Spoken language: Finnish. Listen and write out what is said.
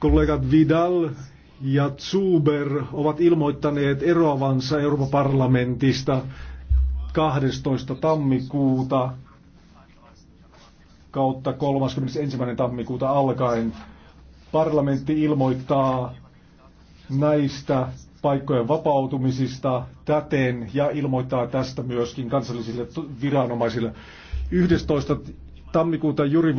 Kollegat Vidal ja Zuber ovat ilmoittaneet eroavansa Euroopan parlamentista 12. tammikuuta kautta 31. tammikuuta alkaen. Parlamentti ilmoittaa näistä paikkojen vapautumisista täten ja ilmoittaa tästä myöskin kansallisille viranomaisille. 11. tammikuuta Juri